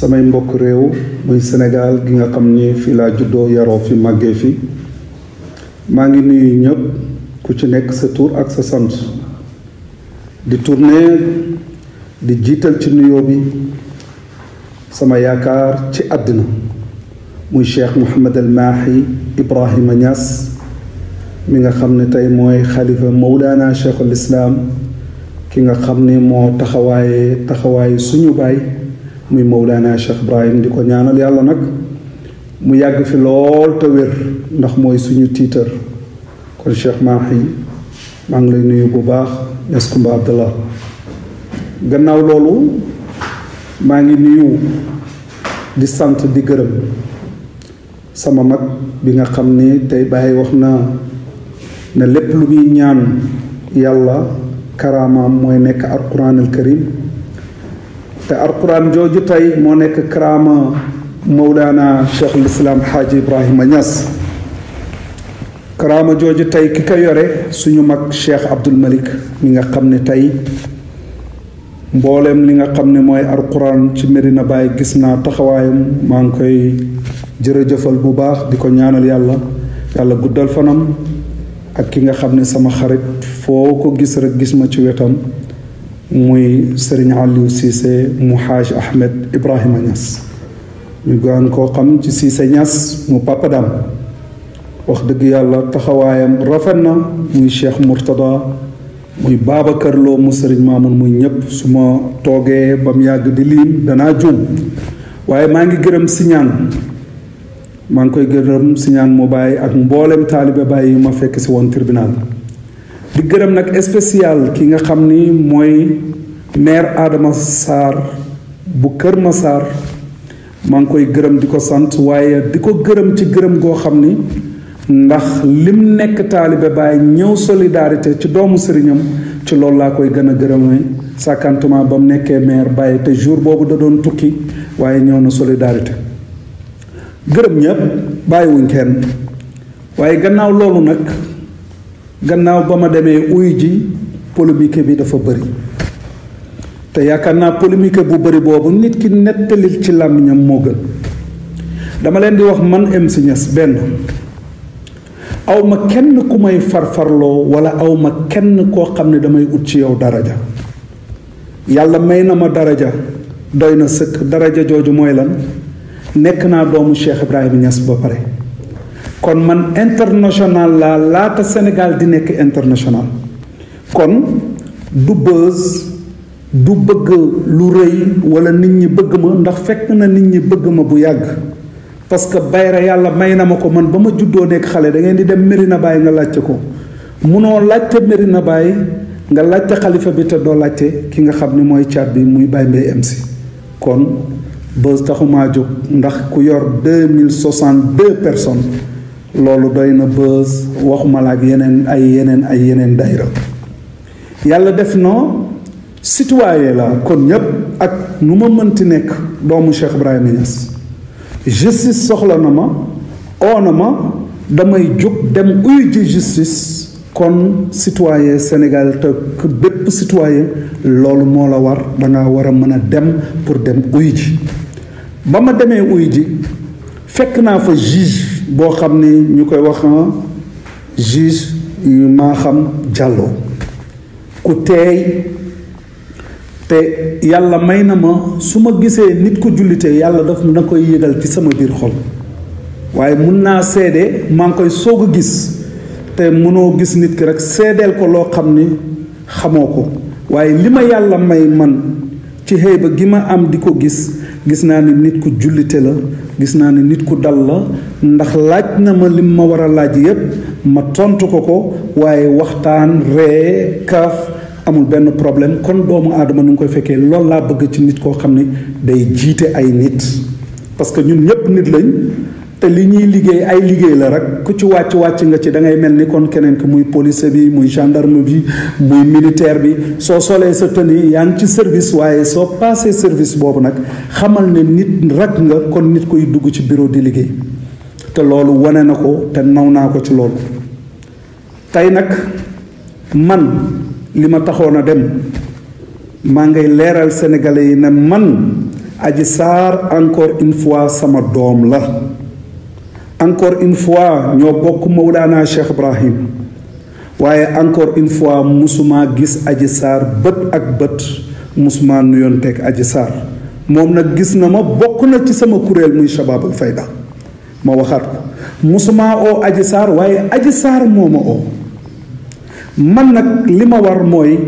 samay mbokk réew muy Sénégal gi nga xam ni fii laa juddoo yaroo fi màggee fi maa ngi nuyu ñëpp ku ci nekk sa tuur ak sa sant di tourner di jiital ci nuyoo bi sama yaakaar ci àddina muy Cheikh Mouhamed El Mahi Ibrahima Niass mi nga xam ne tey mooy xalifa Mawlana Cheikhul Islam ki nga xam ni moo taxawaaye taxawaaye suñu baay muy Mawlana Cheikh Ibrahim di ko ñaanal yàlla nag mu yàgg fi lool te wér ndax mooy suñu tiitar kon Cheikh Mahi maa ngi lay nuyu bu baax Niass Koumba Abdallah gannaaw loolu maa ngi nuyu di sant di gërëm sama mag bi nga xam ni tey bàyyi wax na ne lépp lu muy ñaan yàlla karaamaam mooy nekk alquran al karim te alquran jooju tey moo nekk karaama mawlaana cheikh lislaam xaaji ibrahima ñas karaama jooju tey ki ko yore suñu mag cheikh abdul malik mi nga xam ne tey mbooleem li nga xam ne mooy alquran ci na Baye gis naa taxawaayam maa ngi koy jërëjëfal bu baax di ko ñaanal yàlla yàlla guddal fanam ak ki nga xam ne sama xarit foo ko gis rek gis ma ci wetam muy Serigne Aliou Cissé mu Haaj Ahmed Ibrahima Niass ñu gaan koo xam ci Cissé Niass mu Papa Dam wax dëgg yàlla taxawaayam rafet na muy Cheikh Mourtada muy Babacar Lo mu Serigne Mamoun muy ñëpp su ma toogee ba yàgg di liim danaa juum waaye maa ngi gërëm siñaan maa ngi koy gërëm siñaan mu bàyyi ak mboolem taalibe bàyyi ma fekk si woon tribunal di gërëm nag spécial ki nga xam ni mooy maire aadama Sarr bu Kër Massar maa ngi koy gërëm di ko sant waaye di ko gërëm ci gërëm goo xam ni ndax lim nekk taalibe Baay ñëw solidarité ci doomu sëriñam ci loolu laa koy gën a gërëmee sàkkantuma ba mu nekkee maire Baay te jour boobu da doon tukki waaye ñëw na solidarité gërëm ñëpp bàyyiwuñ kenn waaye gannaaw loolu nag gannaaw ba ma demee uy ji polémique bi dafa bëri te yaakaar naa polémique bu bari boobu nit ki nettalil ci làmmiñam moo gën dama leen di wax man MC Niass benn awma kenn ku may farfarloo wala awma kenn koo xam ne damay ut ci yow daraja yàlla may na ma daraja doy na sëkk daraja jooju mooy lan nekk naa doomu Cheikh Ibrahima ñas ba pare kon man international laa laata Sénégal di nekk international kon du bës du bëgg lu rëy wala nit ñi bëgg ma ndax fekk na nit ñi bëgg ma bu yàgg parce que bayra yàlla may na ma ko man ba ma juddoo nekk xale da ngeen di dem Médina Baye nga laajte ko munoo laajte Médina Baye nga laajte xalifa bi te doo laajte ki nga xam ni mooy caat bi muy Baye Mbaye MC kon bës taxumaa jóg ndax ku yor deux mille soixante-deux personnes loolu doy na bës waxuma la ak yeneen ay yeneen ay yeneen dayra yàlla def na citoyen la kon ñépp ak nu ma mënti nekk doomu Cheikh Ibrahima Niass justice soxla na ma oo ma damay jóg dem uy ji justice kon citoyen Sénégal te bépp citoyen loolu moo la war danga war a mën a dem pour dem uy ji ba ma demee uy ji fekk naa fa juge boo xam ne ñu koy wax juge yu maa xam jàllo ku teey te yàlla may na ma su ma gisee nit ko jullitee yàlla daf na koy yëgal ci sama biir xol waaye mun naa seede maa ngi koy soog a gis te mënoo gis nit ki rek seedeel ko loo xam ni xamoo ko waaye li ma yàlla may man ci xëy gi ma am di ko gis gis naa ni nit ku jullite la gis naa ne nit ku dal la ndax laaj na ma lim ma war a laaj yépp ma tontu ko ko waaye waxtaan ree kaaf amul benn problème kon doomu aadama nu ngi koy fekkee loolu laa bëgg ci nit koo xam ne day jiite ay nit parce que ñun ñépp nit lañ te li ñuy liggéey ay liggéey la rek ku ci wàcc wàcc nga ci da ngay mel ni kon keneen ki muy police bi muy gendarme bi muy militaire bi soo solee sa tenue yaa ngi ci service waaye soo paasee service boobu nag xamal ne nit rek nga kon nit kuy dugg ci bureau di liggéey te loolu wane na ko te naw naa ko ci loolu tey nag man li ma taxoon a dem maa ngay leeral sénégalais yi ne man aji Sarr encore une sama doom la encore une fois ñoo bokk Mawlana Cheikh Ibrahim waaye encore une fois musuma gis aji Sarr bët ak bët musuma nuyoon teg aji Sarr moom nag gis na ma bokk na ci sama kuréel muy Shabab Fayda ma waxaat ko musuma oo Adji Sarr waaye aji saar moo ma man nag li ma war mooy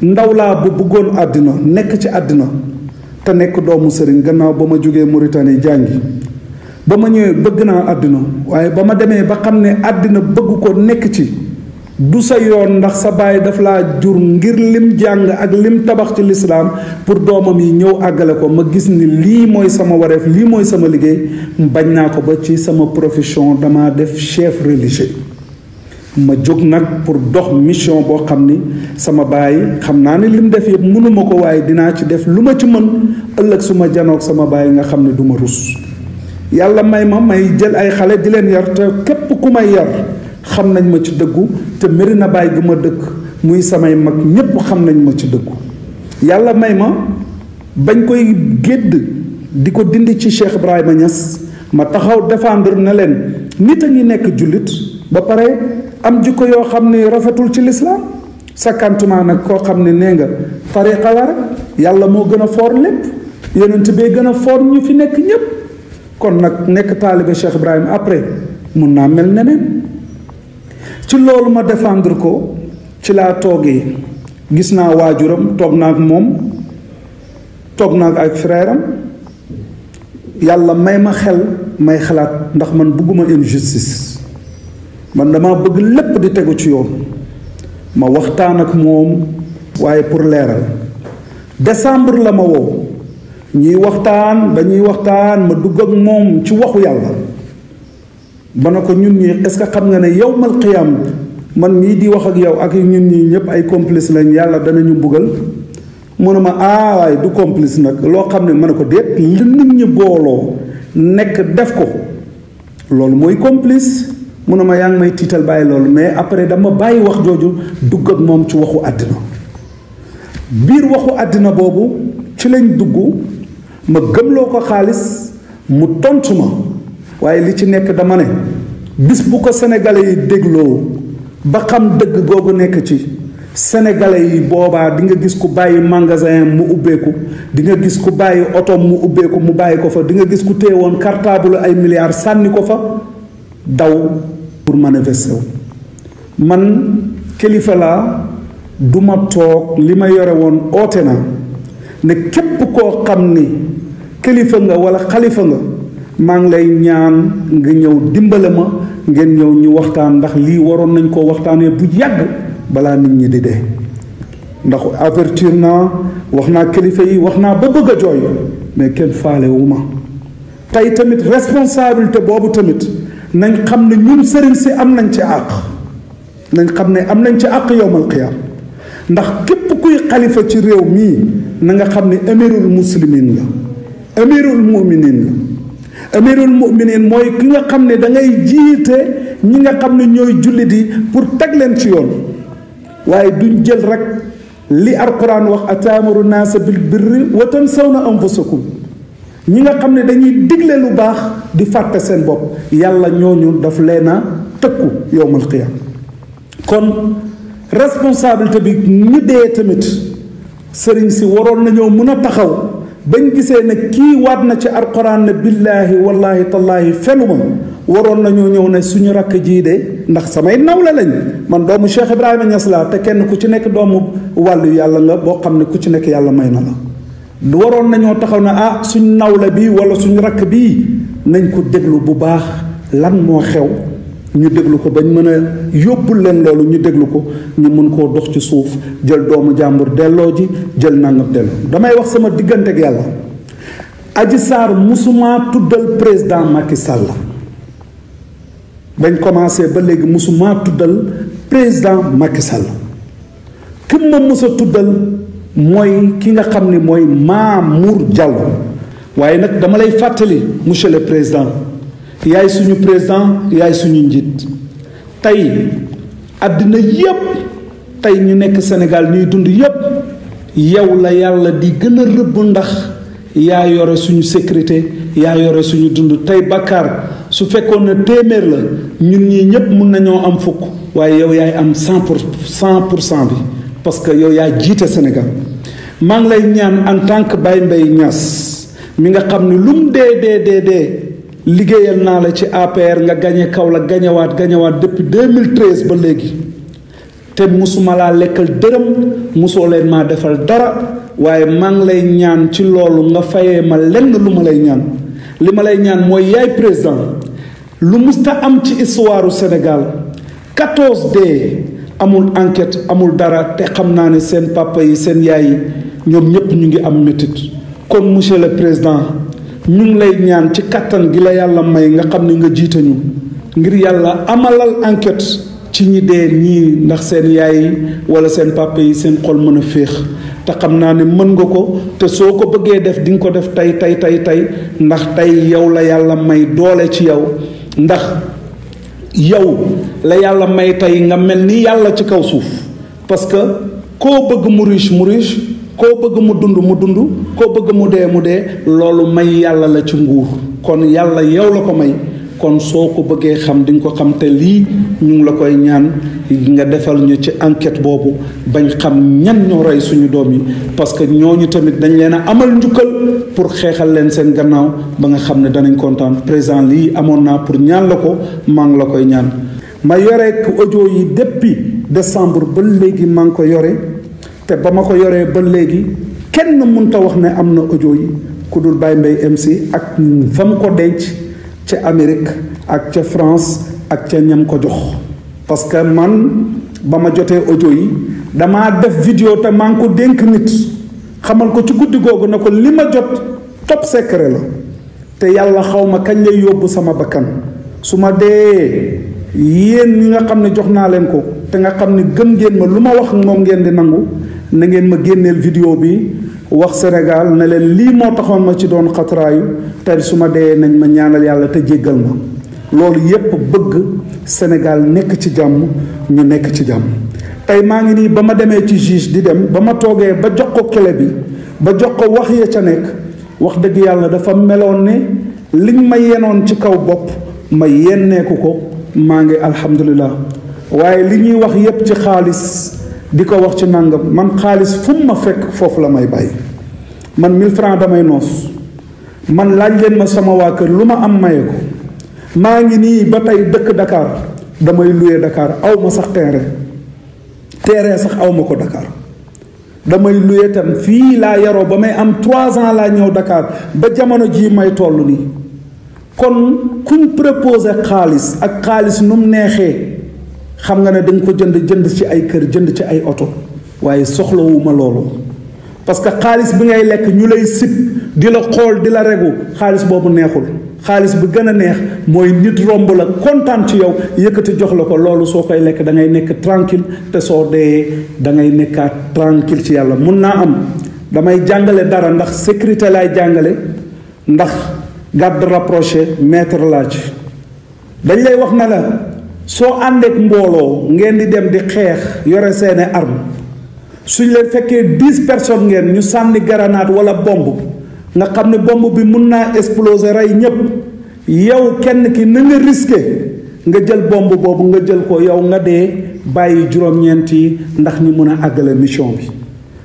ndaw laa bu bëggoon àddina nekk ci àddina te nekk doomu sëriñ gannaaw ba ma jógee Mauritanie jàngi ba ma ñëwee bëgg naa àddina waaye ba ma demee ba xam ne àddina bëgg ko nekk ci du sa yoon ndax sa baay daf laa jur ngir lim jàng ak lim tabax ci lislaam pour doomam yi ñëw àggale ko ma gis ni lii mooy sama wareef lii mooy sama liggéey bañ naa ko ba ci sama profession dama def chef ma jóg nag pour dox mission boo xam ni sama baay xam naa ni lim def yëpp mënuma ko waaye dinaa ci def lu ma ci mën ëllëg suma ma janoog sama baay nga xam ne du ma rus yàlla may ma may jël ay xale di leen yar te képp ku may yar xam nañ ma ci dëggu te na bàyyi gi ma dëkk muy samay mag ñépp xam nañ ma ci dëggu yàlla may ma bañ koy gédd di ko dind ci Cheikh Ibrahima Niass ma taxaw défendre na leen nit a ngi nekk jullit ba pare am jikko yoo xam ne rafetul ci lislaam sakkantuma nag koo xam ne nee nga tariqa la yàlla moo gën a foor lépp yonent bee gën a foor ñu fi nekk ñépp kon nag nekk taalibe Cheikh Ibrahim après mun naa mel neneen ci loolu ma défendre ko ci laa toogee gis naa waajuram toog naa ak moom toog naa ak frère yàlla may ma xel may xalaat ndax man bëgguma injustice man dama bëgg lépp di tegu ci yoon ma waxtaan ak moom waaye pour leeral décembre la ma wow ñuy waxtaan ba ñuy waxtaan ma dugg moom ci waxu yàlla ba na ko ñun ñi est-ce que xam nga ne yowmal qiyaam man mii di wax ak yow ak ñun ñi ñëpp ay complice lañ yàlla danañu buggal mu ma ah waaye du complice nag loo xam ne ma ne ko déet li nit ñi booloo nekk def ko loolu mooy complice mu ma yaa may tiital bàyyi loolu mais après dama bàyyi wax jooju dugg ak moom ci waxu àddina biir waxu àddina boobu ci lañ dugg ma gëmloo ko xaalis mu tontu ma waaye li ci nekk dama ne bis bu ko sénégalais yi dégloo ba xam dëgg googu nekk ci sénégalais yi boobaa di nga gis ku bàyyi magasin mu ubbeeku di nga gis ku bàyyi oto mu ubbeeku mu bàyyi ko fa di nga gis ku woon cartable ay milliards sànni ko fa daw pour manifester wu man kilifa laa du toog li ma yore woon oote na ne képp koo xam ni kilifa nga walla xalifa nga maa ngi lay ñaan nga ñëw dimbale ma ngeen ñëw ñu waxtaan ndax lii waroon nañ koo waxtaanee bu yàgg balaa nit ñi di dee ndax avertir naa wax naa kilifa yi wax naa ba bëgg a jooy mais kenn faale ma tey tamit te boobu tamit nañ xam ne ñun sëriñ si am nañ ci àq nañ xam ne am nañ ci àq yowmal qiyaam ndax képp kuy xalifa ci réew mii na nga xam ne amirul muslimin la amirul muminin amirul muminin mooy ki nga xam ne da ngay jiite ñi nga xam ne ñooy jullit yi pour teg leen ci yoon waaye duñ jël rek li alquran wax naa naasa bil birri wa tansawna anfusakum ñi nga xam ne dañuy digle lu baax di fàtte seen bopp yàlla ñoo ñooñu daf leen a tëkku yowmal qiyaam kon responsabilité bi ñu dee tamit sëriñ si waroon nañoo mën a taxaw bañ gisee ne kii waat na ci alquran ne billaahi wallaahi tallaahi fenuma waroon nañoo ñëw ne suñu rakk jii de ndax samay nawle lañ man doomu Cheikh Ibrahima Niass laa te kenn ku ci nekk doomu wàllu yàlla nga boo xam ne ku ci nekk yàlla may na la waroon nañoo taxaw ne ah suñ nawle bi wala suñu rakk bi nañ ko déglu bu baax lan moo xew ñu déglu ko bañ mën a yóbbu leen loolu ñu déglu ko ñu mën koo dox ci suuf jël doomu jàmbur delloo ji jël nangam delloo damay wax sama diggante yàlla aji Sarr musuma tuddal président Macky Sall bañ commencé ba léegi musuma tuddal président Macky Sall ki ma mës tuddal mooy ki nga xam ni mooy Mamour Diallo waaye nag dama lay fàttali monsieur le président yaay suñu président yaay suñu njiit tey àddina yépp tey ñu nekk Sénégal ñuy dund yépp yow la yàlla di gën a rëbb ndax yaa yore suñu sécurité yaa yore suñu dund tey bàkkaar su fekkoon ne téeméer la ñun ñii ñépp mun nañoo am fukk waaye yow yaay am cent pour cent pour cent bi parce que yow yaa jiite Sénégal maa ngi lay ñaan en tant que mbay Mbaye Niass mi nga xam ne lu dee dee dee dee liggéeyal naa la ci APR nga gañe Kaolack gañewaat gañewaat depuis 2013 ba léegi te mosuma laa lekkal dërëm musoo leen maa defal dara waaye maa lay ñaan ci loolu nga fayee ma lenn lu ma lay ñaan li ma lay ñaan mooy yaay président lu mus musta am ci histoire u Sénégal 14 dee amul enquête amul dara te xam naa ne seen papa yi seen yaay yi ñoom ñépp ñu ngi am métit kon monsieur le président ñun lay ñaan ci kàttan gi la yàlla may nga xam ne nga jiitañu ngir yàlla amalal enquette ci ñi dee ñii ndax seen yaay wala seen papa yi seen xol mën a féex te xam naa ne mën nga ko te soo ko bëggee def di nga ko def tey tey tey tey ndax tey yow la yàlla may doole ci yow ndax yow la yàlla may tey nga mel ni yàlla ci kaw suuf parce que koo bëgg mu riche mu riche koo bëgg mu dund mu dund koo bëgg mu dee mu dee loolu may yàlla la ci nguur kon yàlla yow la ko may kon soo ko bëggee xam di ko xam te lii ñu ngi la koy ñaan nga defal ñu ci enquête boobu bañ xam ñan ñoo rey suñu doom yi parce que ñooñu tamit dañ leen a amal njukkal pour xeexal leen seen gannaaw ba nga xam ne danañ kontaan présent lii amoon naa pour ñaan la ko maa ngi la koy ñaan ma yore audio yi depuis décembre ba léegi maa ngi ko yore te ba ma ko yoree ba léegi kenn mënta wax ne am na audio yi ku dul Baye Mbaye MC ak fa mu ko denc ca Amérique ak ca France ak ca ñam ko jox parce que man ba ma jotee audio yi damaa def vidéo te maa ko dénk nit xamal ko ci guddi googu na ko li ma jot top secret la te yàlla xawma kañ lay yóbbu sama bakkan su ma dee yéen ñi nga xam ne jox naa leen ko te nga xam ne gën ngeen ma lu ma wax moom ngeen di nangu na ngeen ma génneel vidéo bi wax Sénégal ne leen lii moo taxoon ma ci doon xatraayu tey su ma dee nañ ma ñaanal yàlla te jéggal ma loolu yépp bëgg Sénégal nekk ci jàmm ñu nekk ci jàmm tey maa ngi nii ba ma demee ci juge di dem ba ma toogee ba jox ko clé bi ba jox ko wax ya ca nekk wax dëgg yàlla dafa meloon ne liñ ma yenoon ci kaw bopp ma yenneeku ko maa ngi alhamdulilah waaye li ñuy wax yépp ci xaalis di ko wax ci nàngam man xaalis fu mu ma fekk foofu la may bàyyi man 1000 francs damay noos man laaj leen ma sama waa kër lu ma am maye ko maa ngi nii ba tey dëkk Dakar damay loué dakaar aw ma sax terrain terrain sax awma ko Dakar damay loué tam fii laa yaroo ba may am trois ans laa ñëw dakaar ba jamono jii may toll nii kon kuñ proposé xaalis ak xaalis nu mu neexee. xam nga ne dañ ko jënd jënd ci ay kër jënd ci ay oto waaye soxlawuma loolu parce que xaalis bi ngay lekk ñu lay sib di la xool di la regu xaalis boobu neexul xaalis bi gën a neex mooy nit romb la kontaan ci yow yëkkati jox la ko loolu soo koy lekk da ngay nekk tranquille te soo dee da ngay nekkaat tranquille ci yàlla mun naa am damay jàngale dara ndax sécurité laay jàngale ndax garde rapproché maître laa ci dañ lay wax na la soo àndeek mbooloo ngeen di dem di xeex yore seeni arme suñ leen fekkee dix personne ngeen ñu sànni garanaat walla bomb nga xam ne bomb bi mun naa exploser rey ñépp yow kenn ki na nga nga jël bomb boobu nga jël ko yow nga dee bàyyi juróom-ñeent yi ndax ñu mun a àggale mission bi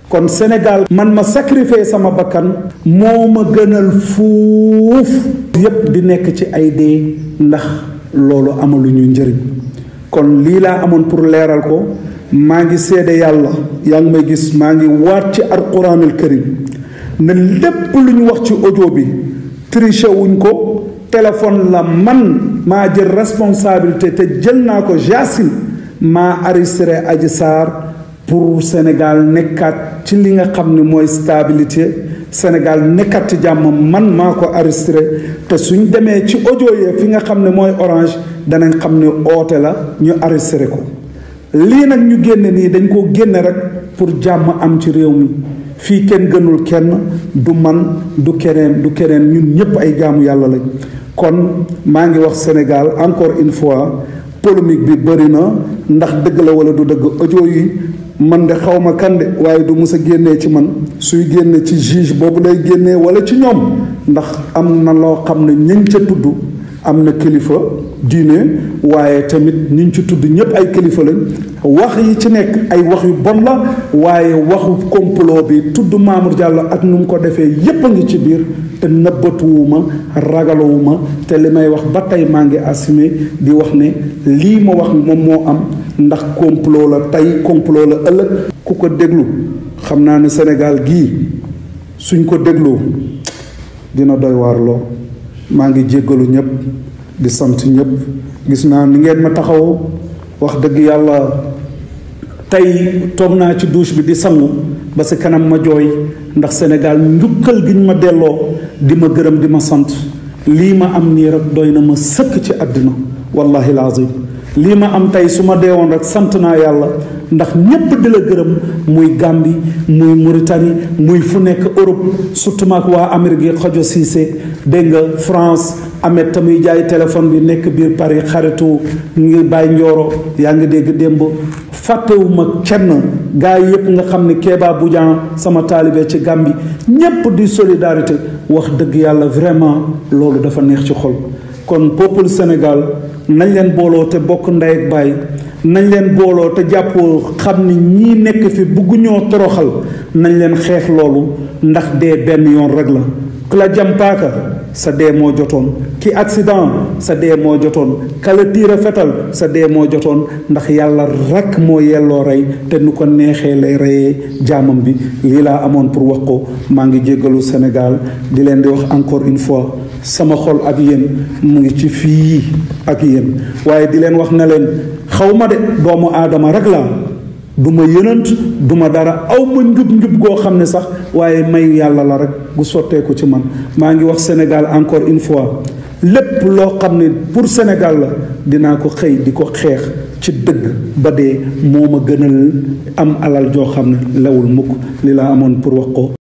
kon Sénégal man ma sacrifier sama bakkan moo ma gënal fuuf yépp di nekk ci ay dee ndax loolu amalu amaluñu njëriñ kon lii laa amoon pour leeral ko maa ngi seede yàlla yaa ngi may gis maa ngi waat ci alquranul karim ne lépp lu ñu wax ci audio bi triché wuñ ko téléphone la man maa jël responsabilité te jël naa ko Yacine maa enregistré Adji Sarr pour Sénégal nekkaat ci li nga xam ni mooy stabilité Sénégal nekkaat ci jàmm man maa ko arrêté te suñ demee ci audio fi nga xam ne mooy orange danañ xam ne oote la ñu arrêté ko lii nag ñu génne nii dañ koo génne rek pour jàmm am ci réew mi fii kenn gënul kenn du man du keneen du keneen ñun ñëpp ay jaamu yàlla lañ kon maa ngi wax Sénégal encore une fois polémique bi bëri na ndax dëgg la wala du dëgg audio man de xaw ma kan de waaye du mus a génnee ci man suy génne ci juge boobu day génnee wala ci ñoom ndax am na loo xam ne ñañ ca tudd am na kilifa diine waaye tamit ñiñ ci tudd ñëpp ay kilifa lañ wax yi ci nekk ay wax yu bon la waaye waxu complot bi tudd Mamour Diallo ak nu mu ko defee yépp a ngi ci biir te nëbbatuwuma ragalowuma te li may wax ba tey maa ngi assumé di wax ne lii ma wax moom moo am ndax complot la tey complot la ëllëg ku ko déglu xam naa ni senegaal gii suñ ko dégloo dina doy waarloo maa ngi jéggalu ñëpp di sant ñëpp gis naa li ngeen ma taxaw wax dëgg yàlla tey toog naa ci douche bi di sangu ba si kanam ma jooy ndax Sénégal njukkal giñ ma delloo di ma gërëm di ma sant lii ma am nii rek doy na ma sëkk ci àddina wallahi lazim lii ma am tey su ma deewoon rek sant naa yàlla ndax ñépp di la gërëm muy gàmbi muy Mauritanie muy fu nekk Europe surtout waa Amérique yi xajo Cissé dégg nga France Amet muy jaay téléphone bi nekk biir Paris xaritu ngir bàyyi njooro yaa ngi dégg démb fàttewuma kenn gars yi yépp nga xam ni ne bu Boudian sama taalibe ci gàmbi ñépp di solidarité wax dëgg yàlla vraiment loolu dafa neex ci xol kon peuple Sénégal nañ leen booloo te bokk ndey ak baay nañ leen booloo te jàppoo xam ni ñii nekk fi bëgguñoo toroxal nañ leen xeex loolu ndax dee benn yoon rek la ku la jam paaka sa dee moo jotoon ki accident sa dee moo jotoon kala tiira fetal sa dee moo jotoon ndax yàlla rekk moo yelloo rey te nu ko neexee la reyee jaamam bi lii laa amoon pour wax ko maa ngi jéggalu Sénégal di leen di wax encore une fois sama xol ak yéen mu ngi ci fii ak yéen waaye di leen wax na leen xaw ma de doomu aadama rek laa du ma yënant du ma dara aw ma njub njub goo xam ne sax waaye mayu yàlla la rek gu sotteeku ci man maa ngi wax Sénégal encore une fois lépp loo xam ne pour Sénégal la dinaa ko xëy di ko xeex ci dëgg ba dee moo ma gënal am alal joo xam ne lawul mukk li laa amoon pour wax ko